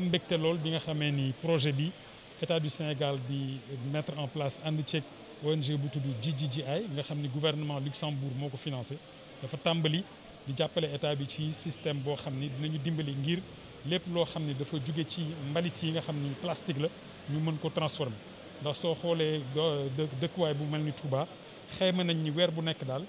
am mbégte lool bi nga xamee ni projet bi état du Sénégal di mettre en place ànd ceeg ONG bu tudd GGGI nga xam ni gouvernement Luxembourg moo ko financé dafa tàmbali di jàppale état bi ci système boo xam ni dinañu dimbali ngir lépp loo xam ni dafa jóge ci mbalit yi nga xam ni plastique la ñu mën ko transformer ndax soo xoolee dëkkuwaay bu mel ni Touba xayma nañ ni weer bu nekk daal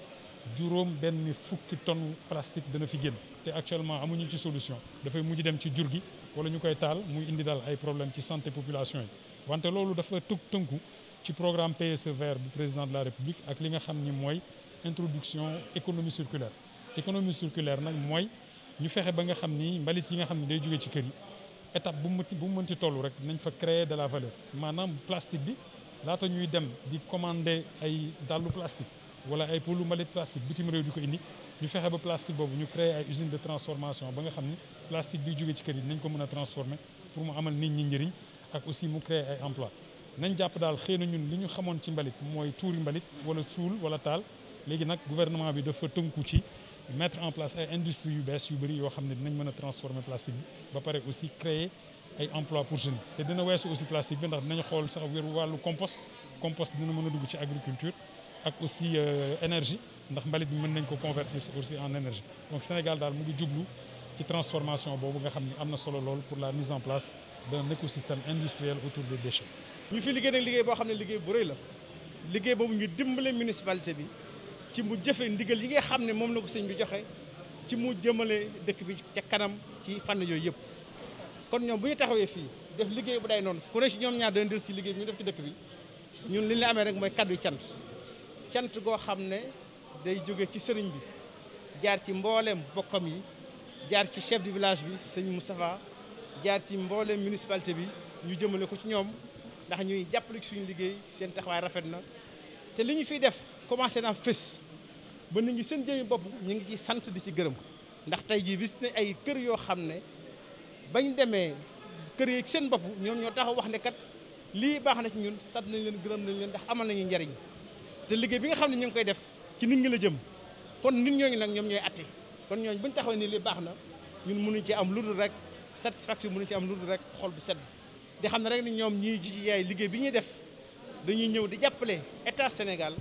juróom benn fukki tonne plastique dana fi génn te actuellement amuñu ci solution dafay mujj dem ci jur gi. wala ñu koy taal muy indi daal ay problème ci santé population yi wante loolu dafa tëg tënku ci programme PSE vert bu président de la république ak li nga xam ni mooy introduction économie circulaire économie circulaire nag mooy ñu fexe ba nga xam ni mbalit yi nga xam ni day jóge ci kër yi étape bu mu bu mu mënti toll rek nañ fa créer de la valeur maanaam plastique bi laata ñuy dem di commander ay dàllu plastique wala ay polu mbalit plastique bitim réew di ko indi ñu fexe ba plastique boobu ñu créer ay usine de transformation ba nga xam ni plastique bi jógee ci kër yi nañ ko mën a transformer pour mu amal nit ñi njëriñ ak aussi mu créer ay emploi nañ jàpp daal xëy na ñun li ñu xamoon ci mbalit mooy tuuri mbalit wala suul wala taal léegi nag gouvernement bi dafa tënku ci mettre en place ay industrie yu bees yu bëri yoo xam ne dinañ mën a transformer plastique bi ba pare aussi créer ay emploi pour jeunes te dina weesu aussi plastique bi ndax dinañ xool sax wéru wàllu compost mën a dugg ci agriculture ak aussi euh, énergie ndax mbalit bi mën nañ ko convertir aussi en énergie donc Sénégal daal mu ngi jublu ci transformation boobu nga xam ni am na solo lool pour la mise en place d'un écosystème industriel autour des déchets. ñu fi liggéey nag liggéey xam ne liggéey bu rëy la liggéey boobu ñu dimbale municipalité bi ci mu jëfe ndigal yi nga xam ne moom la ko sëñ bi joxe ci mu jëmale dëkk bi ca kanam ci fànn yooyu yëpp. kon ñoom bu ñu taxawee fii def liggéey bu day noonu ku ne si ñoom ñaar dana dër si liggéey bi ñu li amee rek mooy kaddu cant. cant goo xam ne day jóge ci sëriñ bi jaar ci mbooleem bokkam yi jaar ci chef de village bi sëñ Moustapha jaar ci mbooleem municipalité bi ñu jëmale ko ci ñoom ndax ñuy jàppale ci suñu liggéey seen taxawaay rafet na te li ñu fiy def commencé naa fës ba nit ñi seen jëmi bopp ñu ngi ci sant di ci gërëm ndax tey jii bis ne ay kër yoo xam ne bañ demee kër yi seen bopp ñoom ñoo taxaw wax ne kat lii baax na ci ñun sant nañ leen gërëm nañ leen ndax amal nañu njariñ te liggéey bi nga xam ne ñu ngi koy def ci nit ñi la jëm kon nit ñooñu nag ñoom ñooy atte kon ñooñu bu buñ taxawee ni li baax na ñun mënuñ ci am lu dul rek satisfaction mënuñ ci am lu dul rek xol bu sedd di xam ne rek ni ñoom ñi ji yaay liggéey bi ñu def dañuy ñëw di jàppale état senegal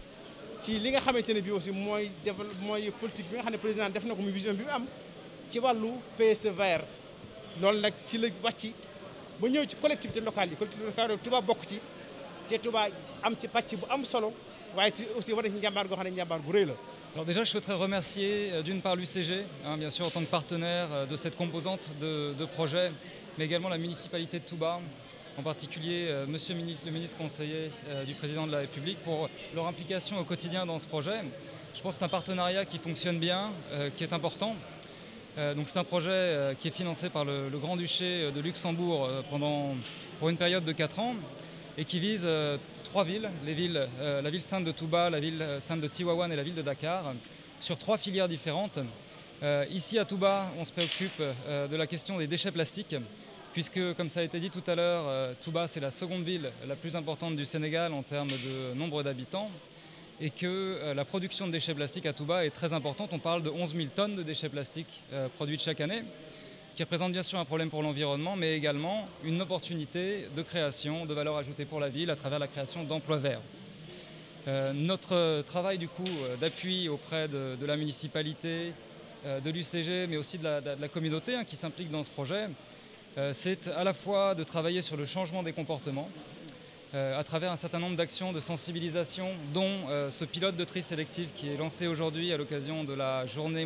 ci li nga xamante ne bi aussi mooy développe mooy politique bi nga xam ne président def na ko muy vision bi mu am ci wàllu PSVR e loolu nag ci la wàcc ba ñëw ci collectivité locale yi collectivité locale Touba bokk ci te Touba am ci pàcc bu am solo waaye aussi war nañ ci njàmbaar goo xam ne njàmbaar gu rëy la Alors déjà, je souhaiterais remercier euh, d'une part l'UCG, hein, bien sûr en tant que partenaire euh, de cette composante de, de, projet, mais également la municipalité de Touba, en particulier euh, Monsieur le ministre, le ministre conseiller euh, du Président de la République, pour leur implication au quotidien dans ce projet. Je pense c'est un partenariat qui fonctionne bien, euh, qui est important. Euh, donc c'est un projet qui est financé par le, Grand-Duché de Luxembourg pendant, pour une période de 4 et qui vise euh, trois villes, euh, la ville sainte de Touba, la ville euh, sainte de Tiwawan et la ville de Dakar, sur trois filières différentes. ici à Touba, on se préoccupe de la question des déchets plastiques, puisque, comme ça a été dit tout à l'heure, Touba, c'est la seconde ville la plus importante du Sénégal en termes de nombre d'habitants et que la production de déchets plastiques à Touba est très importante. On parle de tonnes de déchets plastiques euh, qui représente bien sûr un problème pour l'environnement, mais également une opportunité de création, de valeur ajoutée pour la ville à travers la création d'emplois verts. Euh, notre travail du coup euh, d'appui auprès de, la municipalité, euh, de l'UCG, mais aussi de la, communauté qui s'implique dans ce projet, c'est à la fois de travailler sur le changement des comportements à travers un certain nombre d'actions de sensibilisation, dont ce pilote de tri sélectif la Journée